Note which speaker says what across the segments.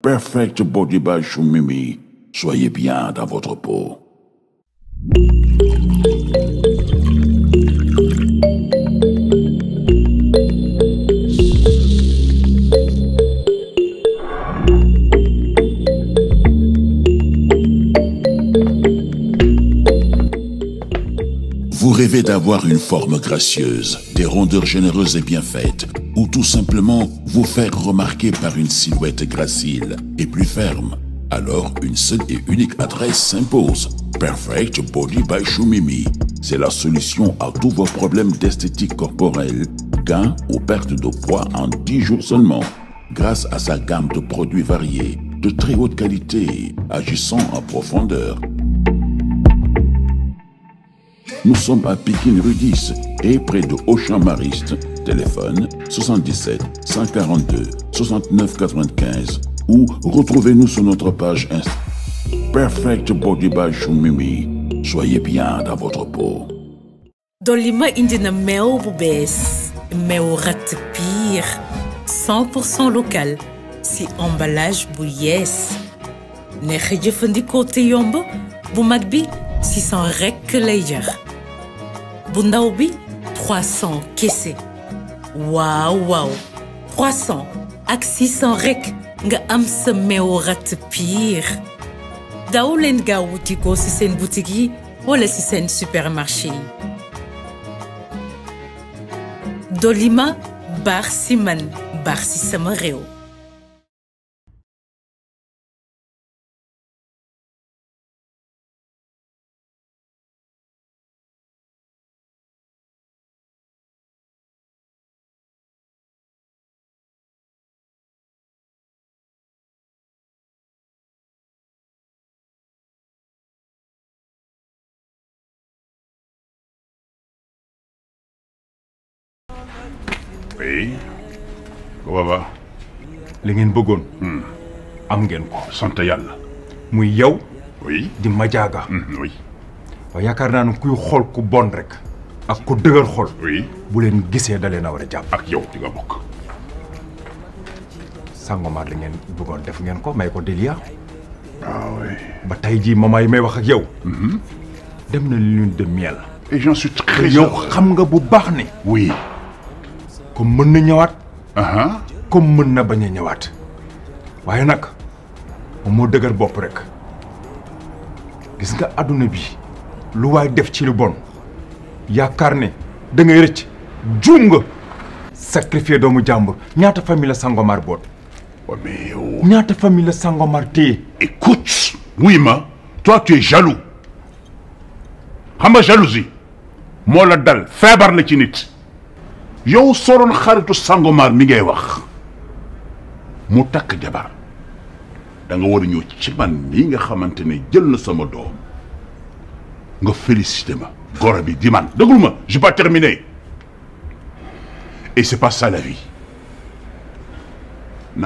Speaker 1: Perfect body by Shumimi. Soyez bien dans votre peau. rêvez d'avoir une forme gracieuse, des rondeurs généreuses et bien ou tout simplement vous faire remarquer par une silhouette gracile et plus ferme, alors une seule et unique adresse s'impose. Perfect Body by C'est la solution à tous vos problèmes d'esthétique corporelle, gains ou perte de poids en 10 jours seulement. Grâce à sa gamme de produits variés, de très haute qualité, agissant en profondeur Nous sommes à Pikine rue 10 et près de Auchan Mariste. Téléphone 77 142 69 ou retrouvez-nous sur notre page Insta. Perfect Body by Soyez bien dans votre peau.
Speaker 2: dolli ma indi na meew bu bees meew ratt local si emballage bu yees neex jëfandikoo te yomb bu mag bi 600 rekk lay jar bu ndaw bi 300 kese waaw waaw ak 600 rek nga am sa meewu rat piir daw leen gaaw wuti ko ci seen boutique yi wala ci seen supermarché yi Dolima baax ci man baax ci sama réew
Speaker 3: booba li ngeen bëggoon. Hmm. am ngeen ko. sant yàlla. muy yow. di Madiaga. Hmm, oui. waaw yaakaar naa ni kuy xool ku bon rek. ak ku dëgër xool. bu leen gisee da leen a war a jàpp. ak yow di nga bokk. Sangomar li ngeen bëggoon def ngeen ko may ko Delia. waaw ah, ba tey jii mama yi may wax ak yow. Hmm. dem na lune de miel. et j'en suis yow xam nga bu baax ne. oui. comme mën na ñëwaat. comme mën na bañ ñëwaat waaye nag moom moo dëgër bopp rek gis nga àdduna bi lu waay def ci lu bon yaakaar ne da rëcc juum nga sacrifier doomu jàmbur ñaata famille la boot oh, mais yow ñaata famille
Speaker 1: la Sangomar téye écoute oui ma toi tu jaloux xam nga jalousie moo la dal feebar la ci nit yow soroon xaritu Sangomar mi ngay wax mu takk jabar danga nga war a ñëw ci man mii nga xamante ne jël na sama doom nga félicité ma goro bi di man ma j'ai pas terminé et c'est pas ça na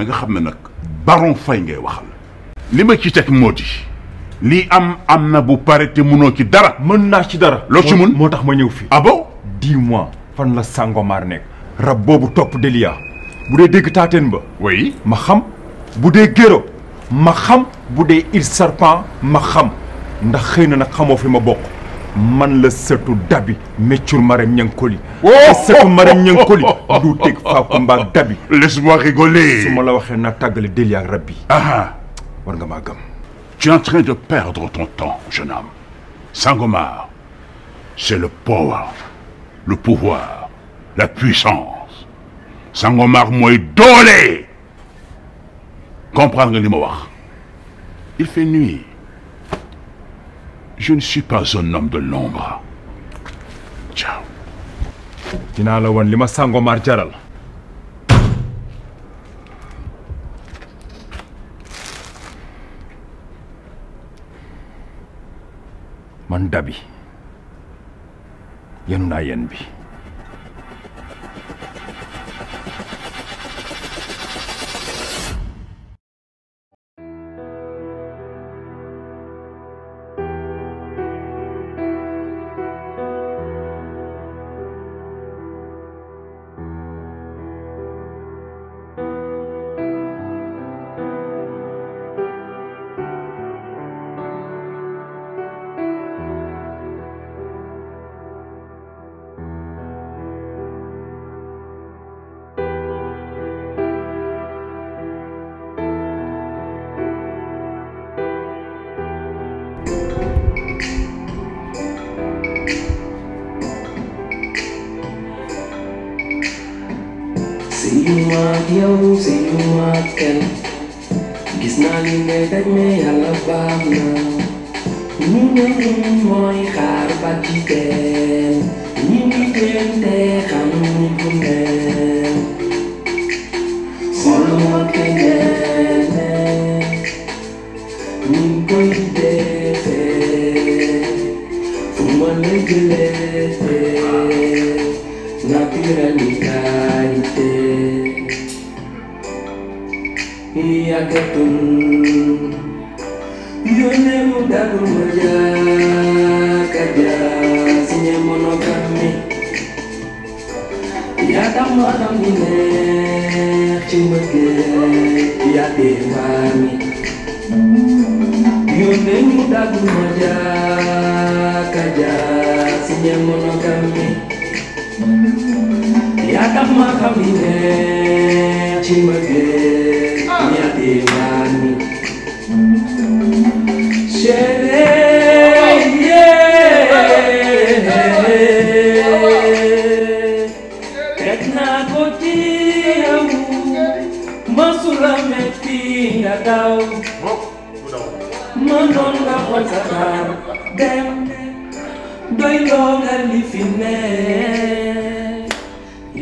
Speaker 1: nga xam ne nag baron fay ngay waxal li ma ci teg moo di lii am am na bu pare te mënoo ci dara mën naa ci dara loo ci mën moo tax ma ñëw fii ah bon dis-moi fan la Sangomar nekk
Speaker 3: rab boobu topp Delia bu dee dégg taateen ba oui ma bu dee géro ma xam bu dee il serpent ma xam ndax xëy na na xamoo fi ma bokk man la sëtu dabi méccur Marème Niankoli la oh, oh, sëtu oh, Marème Niankoli
Speaker 1: du teg faaku mbaag dabi laisse-moi rigoler su ma la waxee naa tàggale Delia ak rab bi ah, ah. war nga maa gëm tu en train de perdre ton temps jeune homme Sangomar c'est le power le pouvoir la puissance Sangomar mooy doole comprendre nga li ma wax il fait nuit je ne suis pas un homme de l'ombre ciao dinaa la woon li ma Sangomar
Speaker 3: jaral man yenu naa yéen bi
Speaker 2: Famille, tu me guettes, il y a des mamies.
Speaker 3: Chérie.
Speaker 4: daw mënoon nga xool sa xaar dem doy loo nga li fi ne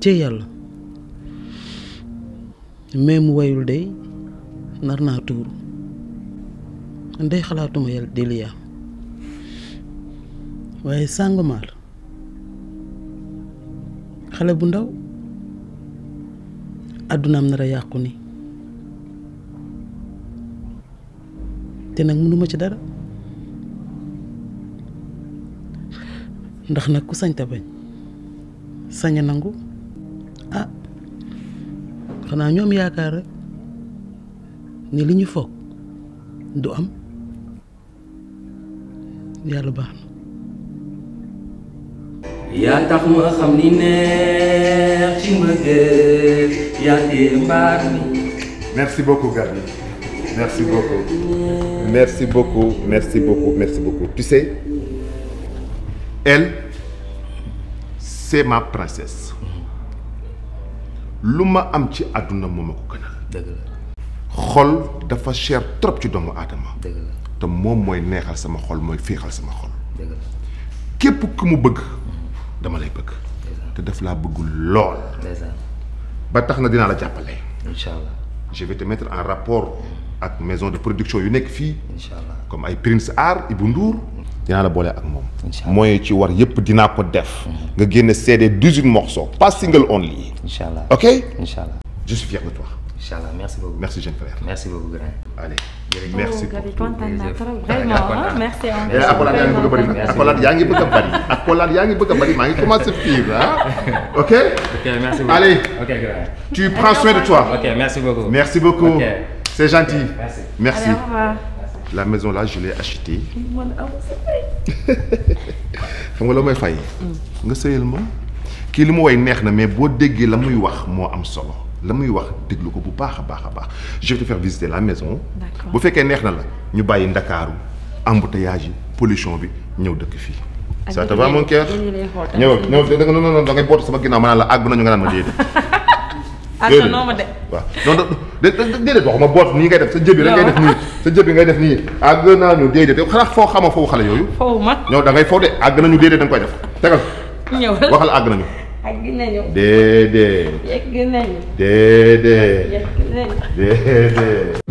Speaker 5: ci yàlla même wayul day nar naa tuuru day xalaatuma yàlla waaye Sangomar xale bu ndaw àddunaam nar a yàqu ni te nag mënuma ci dara ndax nag ku sañta bañ sañ nangu xanaa ñoom yaakaar rek ne li ñu foog du am yàlla baax na
Speaker 4: yaa tax ma xam ni neex ci ma gër yaa tee mbaar
Speaker 6: merci beaucoup Gabi merci beaucoup merci beaucoup merci beaucoup tu sais elle c'est ma princesse lu ma am ci àdduna moo ma ko gënal. dëgg xol dafa cher trop ci doomu aadama. dëgg la te moom mooy neexal sama xol mooy féexal sama xol. dëgg képp ku mu bëgg mhm. dama lay bëgg. te daf laa bëggul lool. ba tax na dinaa la jàppale. incha allah en rapport. Mhm. ak maison de production yu nekk fii. incha allah comme ay Prince Art Ibou Ndour. dinaa la boole ak moom. mooy ci war yëpp dinaa ko def. Mhm. nga génne CD 18 morceaux pas single only. incha je suis fier de toi. incha allah merci beaucoup merci jeune frère. merci beaucoup grand. allez jërëjëf a bëri a yaa ngi bëgg a bëri maa ngi commencé de toi. merci beaucoup. merci beaucoup. c'est gentil. merci la maison là je l'ai oh, xam nga la may fay. nga sëyal ma. kii li mu woy neex na mais boo déggee la muy wax moo am solo la muy wax déglu ko bu baax a baax a baax je vais te visiter la maison. bu fekkee neex na la ñu bàyyi ndakaaru embouteillage yi pollution bi ñëw dëkk fii. Ah, ça te va mon cœur ñëw ñëw non non non dangay boot sama ginnaaw ma naan la àgg na ñu nga naan ma déedéet. déedéet waaw non non déedéet waxuma boot nii ngay def sa jëbi rek ngay def nii sa jëbi ngay def nii àgg naa ñu déedéet xanaa foo xama foofu xale yooyu. foofu ma ñoom da ngay foo de àgg nañu déedéet da nga koy def tegal. ñëwal waxal àgg nañu. àgg nañu. déedéet.
Speaker 2: yegg nañu.
Speaker 6: déedéet.
Speaker 2: yegg nañu.
Speaker 6: déedéet.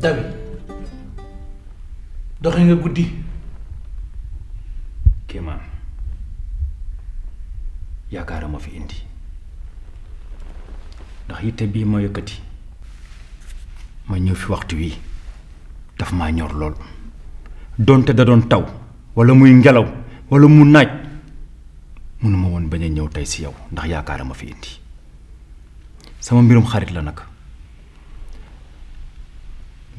Speaker 7: David doxe nga guddi kéemaan
Speaker 3: yaakaara ma fi indi ndax yitte bii ma yëkkati ma ñëw fi waxtu wi daf ma ñor lool donte da doon taw walla muy ngelaw walla mu naaj mënuma woon bañ a ñëw tey si yow ndax yaakaara ma fi indi sama mbirum xarit la nag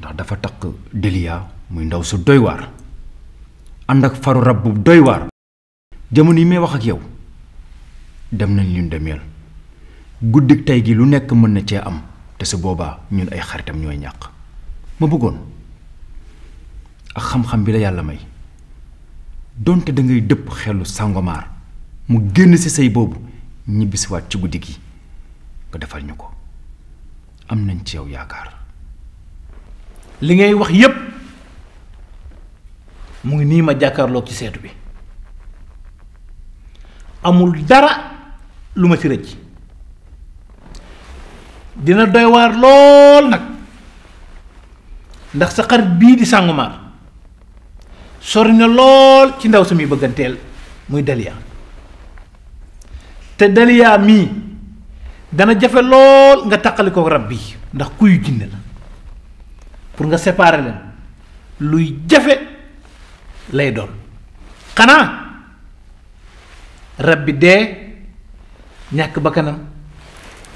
Speaker 3: ndax dafa takk Delia muy ndaw su doy ànd ak faru rab bu doy jamono yi may wax ak yow dem nañ lune de miel guddik tey gi lu nekk mën na cee am te su boobaa ñun ay xaritam ñooy ñàq ma bëggoon ak xam-xam bi la yàlla may doonte da ngay dëpp xelu sàngomaar mu génn ci say boobu ñibbisiwaat ci guddi gi nga defal ñu ko am nañ ci yow yaakaar
Speaker 7: li ngay wax yépp mu ngi nii ma jàkkaarloog ci seetu bi amul dara lu ma ci rëcc dina doy waar lool nag ndax sa xarit bii di Sangomar sori na lool ci ndaw sumiy bëgganteel muy Daliya te Daliya mii dana jafe lool nga taqali ko rab bi ndax kuyu jinne la pour nga séparer leen luy jafe lay doon xanaa rab bi dee ñàkk ba kanam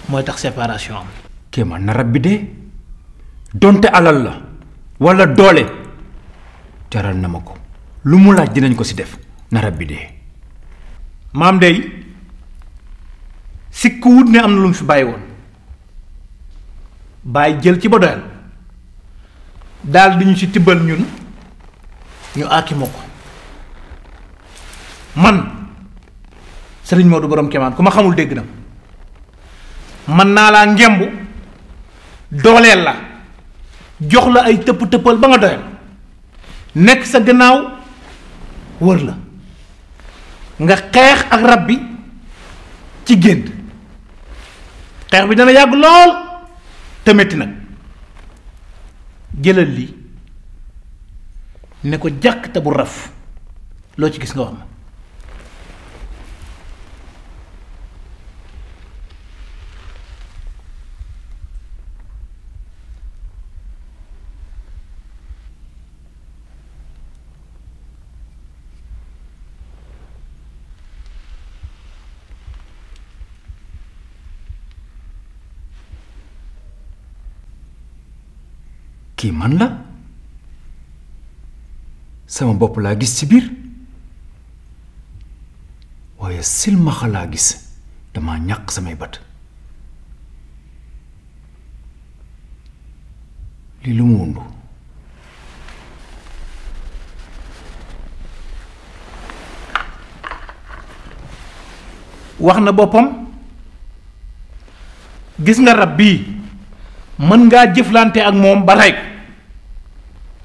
Speaker 7: mooy tax separation am
Speaker 3: kéemaan na rab bi dee donte alal la walla doole jaral na ma ko lu mu laaj dinañ ko ci def na rab bi dee
Speaker 7: maam dey sikku wut ne am na lu mu fi bàyyi woon bàyyi jël ci ba doyal daal di ñu ci tibbal ñun ñu aakimoo ko man Serigne Modou boroom kemaan ku ma xamul dégg na man naa laa ngemb dooleel la jox la ay tëpp tëppal ba nga doyal nekk sa gannaaw wër la nga xeex ak rab bi ci gént xeex bi dana yàgg lool te metti nag jëlal li ne ko jàkk te bu raf loo ci gis nga wax ma
Speaker 3: kii man la sama bopp laa gis ci biir waaye silmaxa laa gis dama ñàkk samay bat lii lu mu wundu
Speaker 7: wax na boppam gis nga rab bii mën ngaa jëflante ak moom ba rey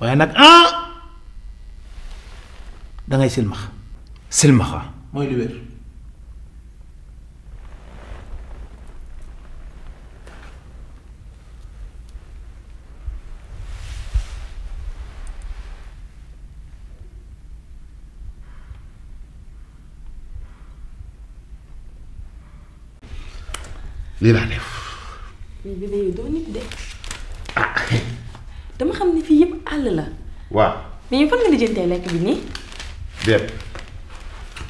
Speaker 7: waaye nag ah da mooy
Speaker 2: li lii laa def. Ah. dama xam ne fii yëpp àll la. waaw. mais fan nga lijjantee lekk bi nii.
Speaker 6: déet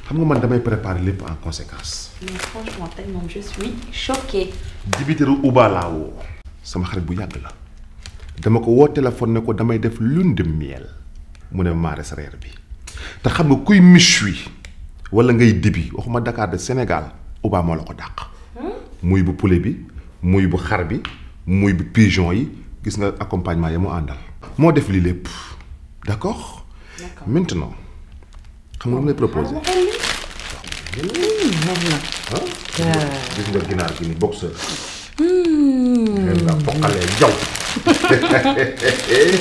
Speaker 6: xam nga man damay préparer lépp en conséquence.
Speaker 2: mais franchement tey
Speaker 6: laa woo. sama xarit bu yàgg la. dama ko woo téléphone ne ko damay def lune de miel mu ne maa des reer bi te xam nga kuy méchoui wala ngay dibi waxuma Dakar de Sénégal Uba moo la ko dàq. Hmm? muy bu poulet bi muy bu xar bi muy bu pigeon yi. gis nga accompagnement yi mu àndal. moo def lii lépp d' accord. xam nga mu lay na boqalee jaw.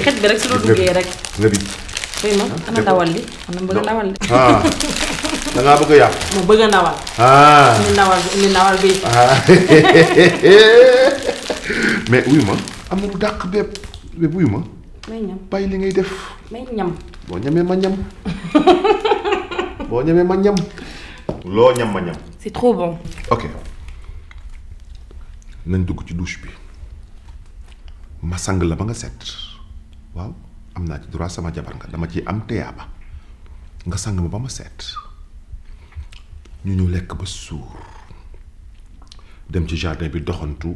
Speaker 2: xet bi rek su la duggee rek. nga bi xëy ma ana ndawal li ana bëgg ndawal li. Ah. da bëgg yàq. ma bëgg a ah. ah.
Speaker 6: mais wuyu ma. am na lu dàq bépp bépp wuyu bàyyi li ngay def. may ñam. boo ñamee ma ñam. boo ñamee ñam. loo ñam ma ñam. c'est trop bon. ok nañ dugg ci duus bi ma sang la ba nga set waaw am naa ci droit sama jabar nga dama ci am teyaaba nga sang ma ba ma set ñu ñu lekk ba suur dem ci jardin bi doxantu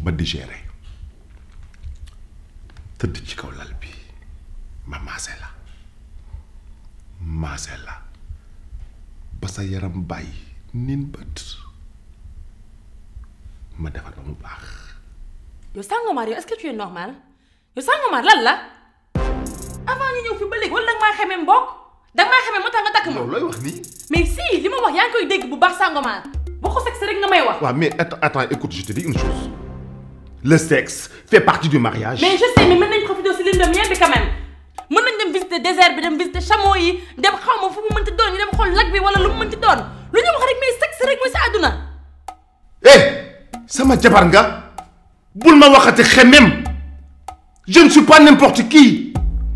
Speaker 6: ba digérer. tëdd ci kaw lal bi ma maase la maase la ba sa yaram bàyyi niin bët ma defar ba mu baax
Speaker 2: yow Sangomar yow est-ce que tu es normal yow Sangomar lan la avant ñu ñëw fi ba léegi wala danga maa xamee mbokk danga maa xamee moo tax nga takk ma looy wax nii mais si li ma wax yaa ngi koy dégg bu baax Sangomar boo ko sexe rek nga may wax
Speaker 6: le sexe fait partie du mariage. mais je
Speaker 2: sais mais mën nañ profiter aussi li ñu dem yéen bi quand même mën nañ dem visiter désert bi dem visiter chameau yi dem xaw ma fu mu mënti doon ñu dem xool lac bi wala lu mu mënti doon lu ñu wax rek sexe rek mooy
Speaker 6: eh sama jabar nga bul ma waxati xemem je ne suis pas n'importe qui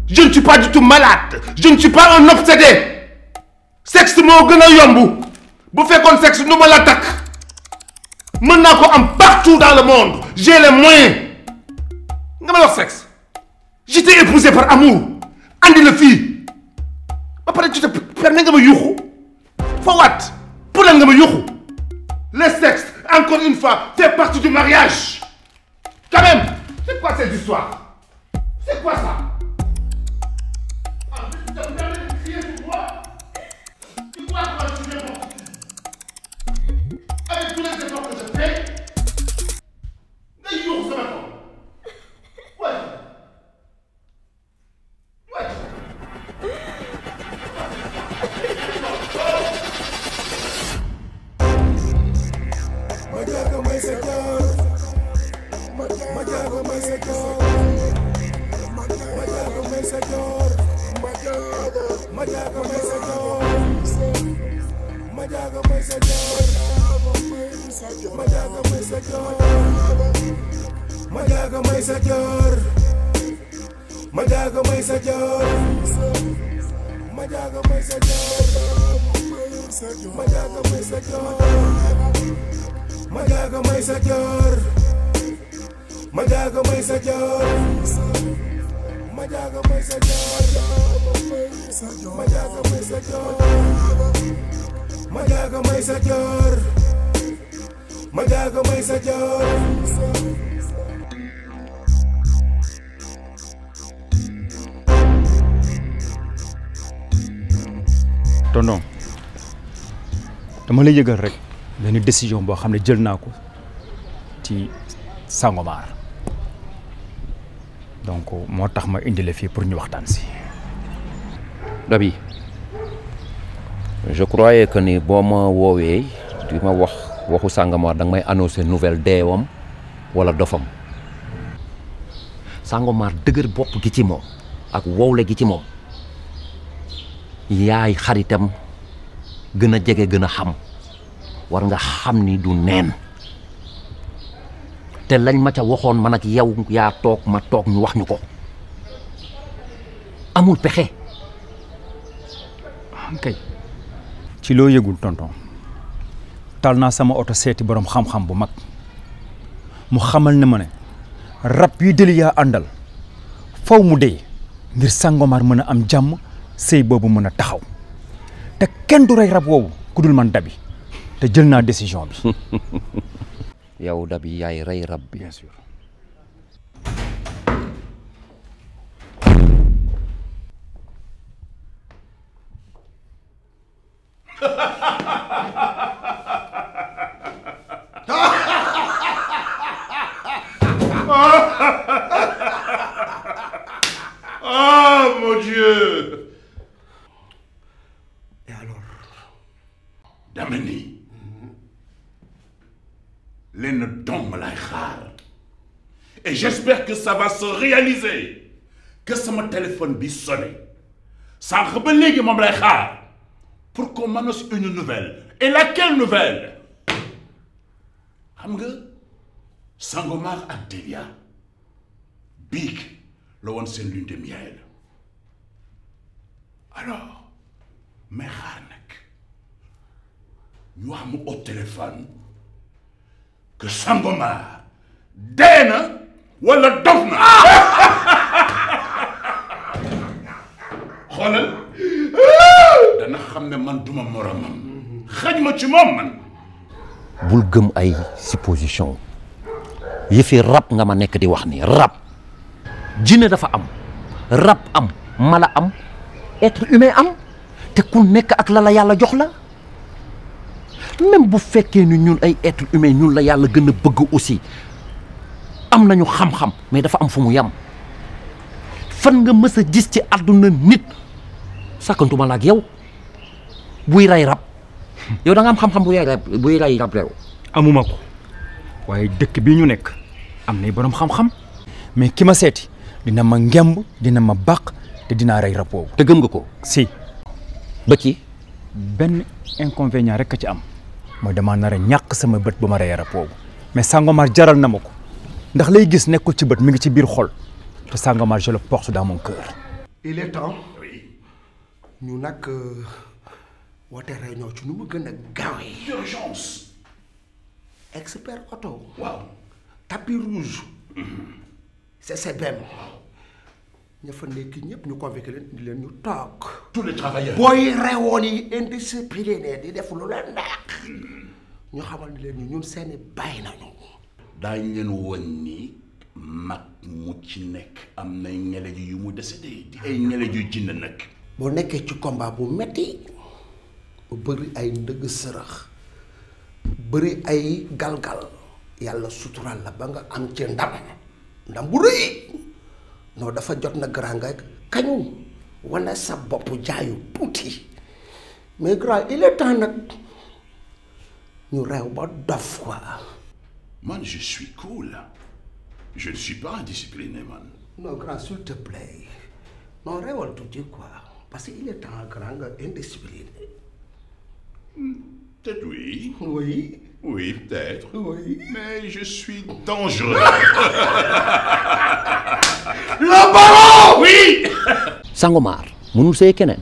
Speaker 6: je ne suis pas du tout malade je ne suis pas un obsédé sexe moo gën a yomb bu fekkoon sexe nu ma la takk mën naa ko am partout dans le monde. j'ai les moyens nga may wax sexe je t'ai épousé par amour andi la fii ba pare tu te permets nga ma yuuxu for what pour lan nga ma yuuxu le sexe encore une fois fait partie du mariage quand même c'est quoi cette histoire c'est quoi ça
Speaker 7: Madiaga
Speaker 3: tonton dama lay yëgal rek benn décision boo xam ne jël naa ko ci Sangomar donc moo tax ma indi la fii pour ñu waxtaan
Speaker 4: si. Dabi je croyais que ni boo ma woowee di ma wax waxu Sangomar danga nga may annoncer nouvelle deewam wala dofam Sangomar dëgër bopp gi ci moom ak wowle gi ci moom yaay xaritam gën a jege gën a xam war nga xam ni du neen. te lañ ma ca waxoon ma nag yow yaa toog ma toog ñu wax ñu ko amul pexe. kay ci loo yëgul
Speaker 3: tonton tal naa sama oto seeti borom xam-xam bu mag mu xamal ne ma ne rab yi deli yaa àndal faw mu dee ngir sangomar mën a am jàmm sëy boobu mën a taxaw te kenn du rey rab woowu ku dul man dabi te jël naa décision bi. yow dab yi rey rab bi bien sûr
Speaker 1: ah, Dieu. Damani. lenn dong laay xaar et j'espère que ça va se réaliser que sama téléphone bi sonné sànq ba léegi moom lay xaar pour qu'on m'annonce une nouvelle et laquelle nouvelle xam nga Sangomar ak Delia biig la woon seen lune de miel alors mais xaar nag ñu wax mu téléphone que Sangomar dee na wala dof na. xoolal dana xam ne man duma moromam xaj ma ci moom man.
Speaker 4: bul gëm ay supposition yëfi rab nga ma nekk di wax ni rab jinne dafa am rab am mala am être humain am te ku nekk ak la yàlla jox la. même bu fekkee ni ñun ay être humain ñun la yàlla gën a bëgg aussi am nañu xam-xam mais dafa am fu mu yem fan nga mës a gis ci adduna nit sàkkantuma la ak yow buy ray rab yow da am xam-xam buy ray rab buy amuma ko waaye dëkk bi ñu nekk
Speaker 3: am nay boroom xam-xam mais ki ma seeti dina ma ngemb dina ma bàq te dinaa rey rab boobu te gëm nga ko si ba ci benn inconvénient rek a ci am mooy damaa nar ñàkk sama bët bu ma rey rab mais Sangomar jaral na ma ko ndax lay gis nekkul ci bët mi ngi ci biir xol te Sangomar je le porte dans mon cœur.
Speaker 8: il est temps ñu nag euh, woote réunion ci nu mu gën a gaawee.
Speaker 1: urgence.
Speaker 8: expert auto. waaw rouge. CCBM. Mhm. ña fa nekk ñëpp ñu convoqué leen leen ñu toog. tous les travailleurs booy rewoon yi indiscipliné ne di def lu leen neex. ñu xamal ni leen ñun seeni bàyyi nañu.
Speaker 1: daañu leen woon ni mag mu ci nekk am na ñeleju yu mu décédé di ay ñeleju jinn nag.
Speaker 8: boo nekkee ci combat bu metti bu bëri ay ndëgg sërëx bëri ay galgal yàlla suturaal la ba nga am ci ndam ndam bu rëy. non dafa jot na grand nga kañu wane sa bopp jaayu tuuti mais grand il est temps nag
Speaker 1: ñu reew ba dof quoi. man je suis cool je ne suis pas indiscipliné man.
Speaker 8: non grand s'il te plaît non reewal tuuti quoi parce que il est temps grand nga indiscipliné.
Speaker 1: peut-être oui. oui. oui peut-être. oui mais je suis
Speaker 5: dangereux. le baron oui.
Speaker 4: Sangomar mënul sëy keneen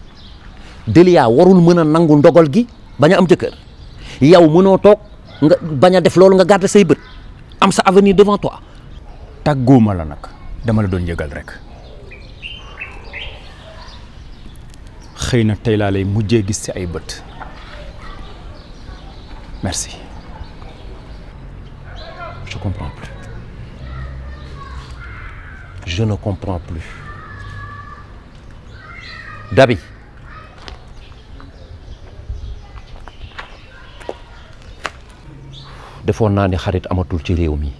Speaker 4: Delia warul mën a nangu ndogal gi bañ a am jëkkër yow mënoo toog nga bañ a def loolu nga garder say bët am sa avenir devant toi. tàggooma la nag dama la doon yëgal rekk
Speaker 3: xëy na tey laa lay mujjee gis ci ay bët merci
Speaker 4: je ne comprends Dabi defoon naa ni xarit amatul ci réew mi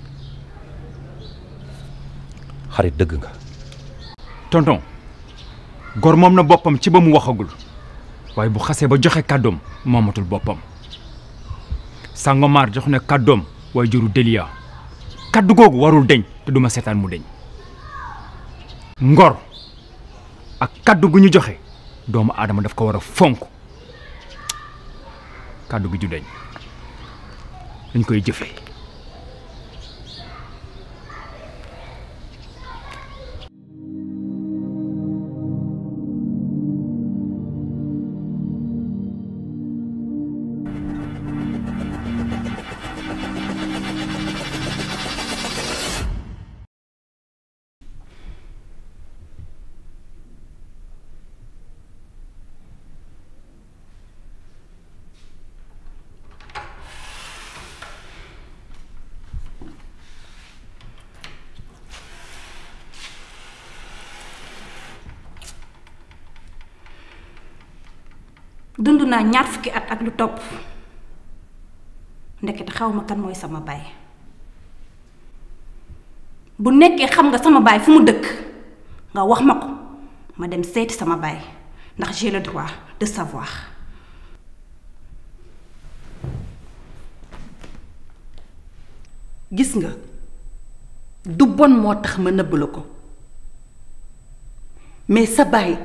Speaker 4: xarit dëgg nga
Speaker 3: tonton gor moom na boppam ci ba mu waxagul waaye bu xasee ba joxe kàddoom moomatul boppam Sangomar jox na kàddoom waaye juru Delia kàdd googu warul deñ te duma seetaan mu deñ ngor ak kaddu gu ñu joxe doomu aadama daf ko war a fonk kàddu gi ju deñ dañ koy jëfe
Speaker 5: ñaar fukki at ak lu topp ndekete xaw ma kan mooy sama baay bu nekkee xam nga sama baay fu mu dëkk nga wax ma ko ma dem seeti sama baay ndax j'ai le droit de savoir gis nga du bon moo tax ma nëbb la ko mais sa baay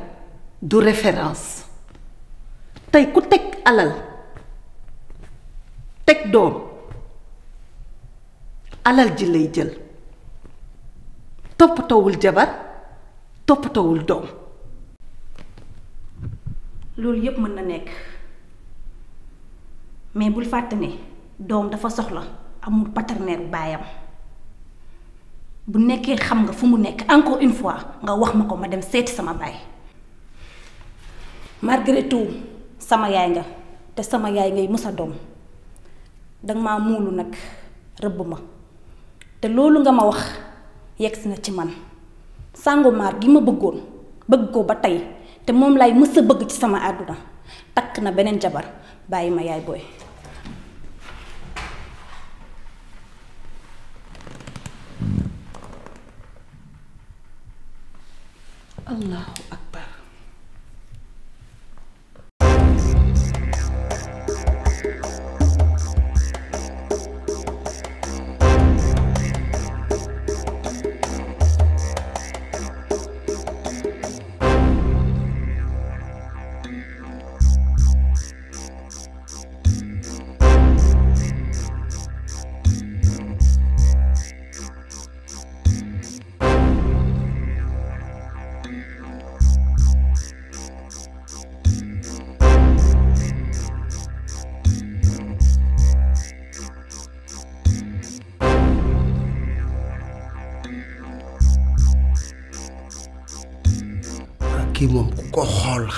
Speaker 5: du référence tey ku teg alal teg doom alal ji lay jël toppatowul jabar toppatowul doom loolu yépp mën na nekk mais bul fàtte doom dafa soxla amul partenaire baayam bu nekkee xam nga fu mu nekk encore une fois nga wax ma ko ma dem seeti sama baay malgré tout sama yaay nga te sama yaay ngay musa doom danga maa muulu nag rëbb ma te loolu nga ma wax yegsi na ci man sàngumaar gi ma bëggoon bëgg ko ba tey te moom lay mës bëgg ci sama àdduna takk na beneen jabar bàyyi ma yaay booy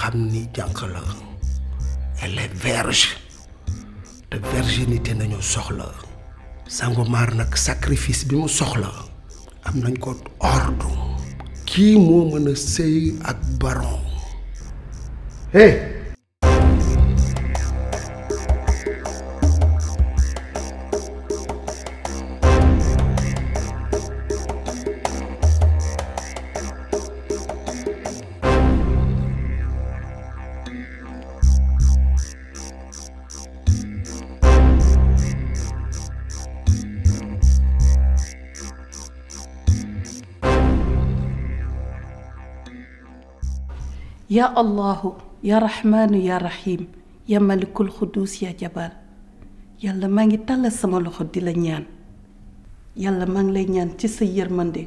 Speaker 8: xam ni jànq la elle est vierge te virginité nañu soxla Sangomar nag sacrifice bi mu soxla am nañ ko ordre kii moo mën a sëy ak baron eh
Speaker 5: yaa allahu yaa rahmaanu yaa rahim yaa malikul xuddus yaa jabaar yàlla maa ngi tàllal sama loxo di la ñaan yàlla maa ngi lay ñaan ci sa yërmande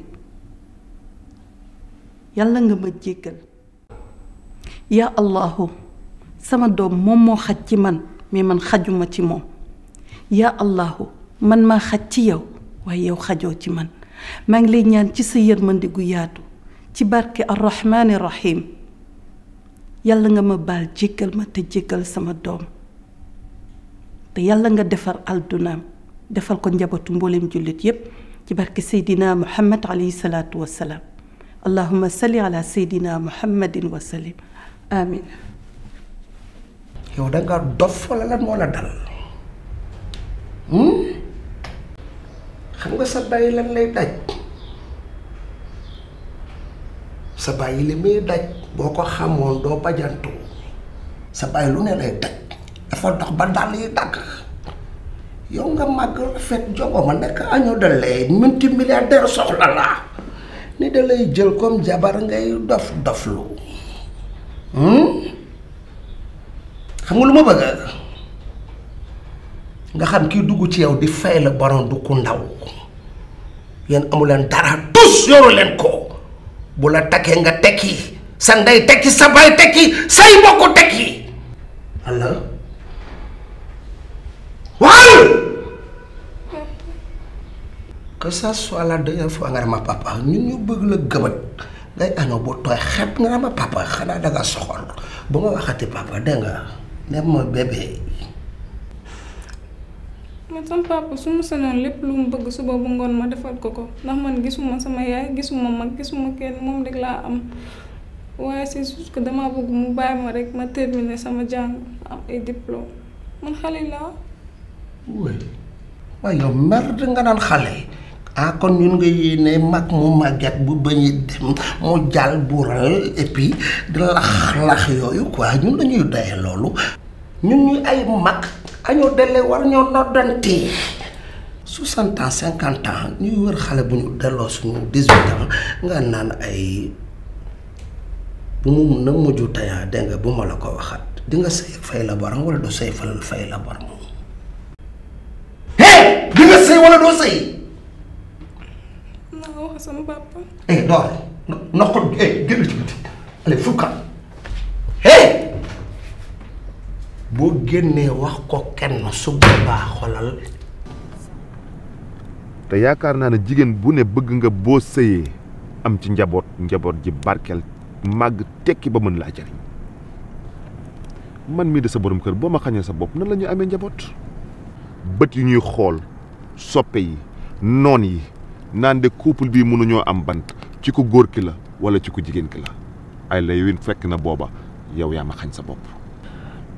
Speaker 5: nga ma jéggal yaa allahu sama doom moom moo xaj ci man mais man xajuma ci moom yaa allahu man maa xaj ci yow waaye yow xajoo ci man maa ngi lay ñaan ci sa yërmande gu yaatu ci barke arrahmaani rahim yàlla nga ma baal jéggal ma te jéggal sama doom te yàlla nga defar aldunaam defal ko njabootu mboolem jullit yépp ci barke seydina muhammad alayhi salaatu wassalaam allahuma salli ala seydina
Speaker 8: yow danga dof wala lan moo la dal hmm? xam nga sa day lan lay daj sa bàyyi li muy daj boo ko xamoon doo bajantu sa bàyyi lu ne lay daj dafa dox ba dàll yi dagg yow nga màgg rafet jogo ma nekk añoo da lay minti milliardaire soxla la ni da jël comme jabar ngay dof doflu hmm? xam nga lu ma bëgg nga xam kii dugg ci yow di fay la borom du ku ndaw yéen amu leen dara tous yoru leen ko bu la takkee nga tekki sa ndey tekki sa baay tekki say mbokk tekki allah waaw que sa soit la dernière fois nga ne ma papa ñun ñu bëgg la gëmat ngay ano bu tooy xepp nga ne ma papa xanaa danga soxol bu ma waxati papa dégg nga ne
Speaker 2: man sama papa su ma sañoon lépp lu mu bëgg suba bu ngoon ma defal ko ko ndax man gisuma sama yaay gisuma mag gisuma kenn moom rek laa am waaye c'est juste que damaa bëgg mu bàyyi ma rek ma terminer sama jàng am ay diplôme man xale laa.
Speaker 8: waaye yow mer nga naan xale. ah kon ñun nga yéene mag mu màgget bu bañ dem mu jàll buural et puis di lax lax yooyu quoi ñun dañuy doye loolu ñun ñuy ay mag. añoo delle war
Speaker 5: ñoo noddante
Speaker 8: soixante ans cinquante ans ñuy wër xale bu ñu delloo suñu dix-huit ans nga naan ay bu mu na mujju tayaa dégg bu ma la ko waxat di sëy fay la borom wala doo sëy fal fay la borom hé di sëy wala doo sëy
Speaker 5: naa wax sama papa
Speaker 8: eh, eh, hé boo génnee wax ko kenn su boobaa xolal
Speaker 6: te yaakaar naa ne jigéen bu ne bëgg nga boo sëyee am ci njaboot njaboot ji barkeel màgg tekki ba mën laa jariñ man mii de sa borom kër boo ma xañee sa bopp nan la ñuy amee njaboot bët yu ñuy xool soppe yi noon yi naan de couple bii mënuñoo am bant ci ku góor ki la walla ci ko jigéen ki la ay lay win fekk na booba yow yaa ma xañ sa bopp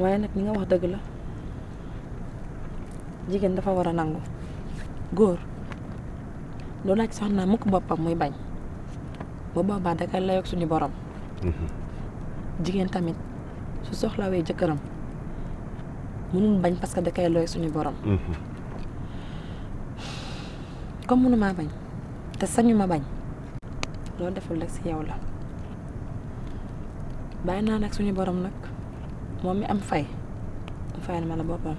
Speaker 2: waaye nag li nga wax dëgg la jigéen dafa war a nangu góor loolu laaj soxna mukk boppam muy bañ bu boobaa da koy layoog suñu borom. Mhm. jigéen tamit su soxlawee jëkkëram mënul bañ parce que da koy layoog suñu borom. Mhm. comme mënumaa bañ te sañu ma bañ loo deful rek si yow la bàyyi naa nag suñu boroom nag. moom mi am fay fay na ma la boppam.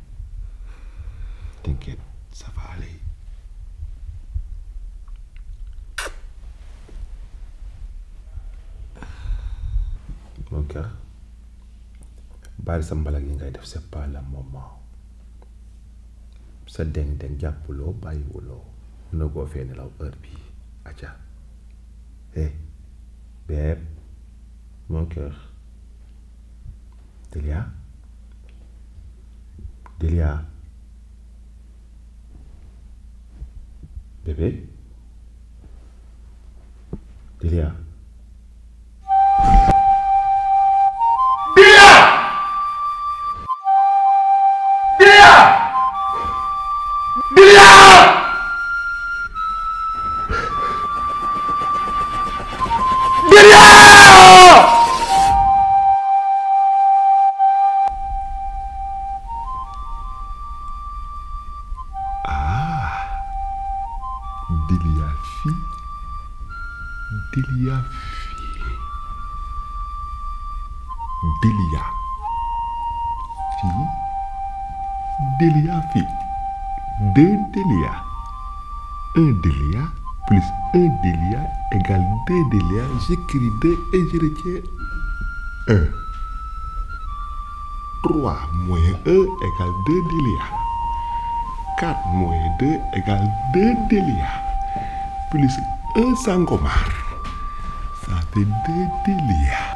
Speaker 6: t'inquiète, ça va aller. Mon cœur, bàyyi sa mbalag yi ngay def c'est pas le sa deng-deng jàppuloo bàyyiwuloo mun na koo fee nelaw heure bi aca eh béeb mon cœur Delia Bébé Delia délia plus un délia égale deux délia j'écris deux un trois moins un égale deux délia quatre moins deux égale plus un sangomar ça fait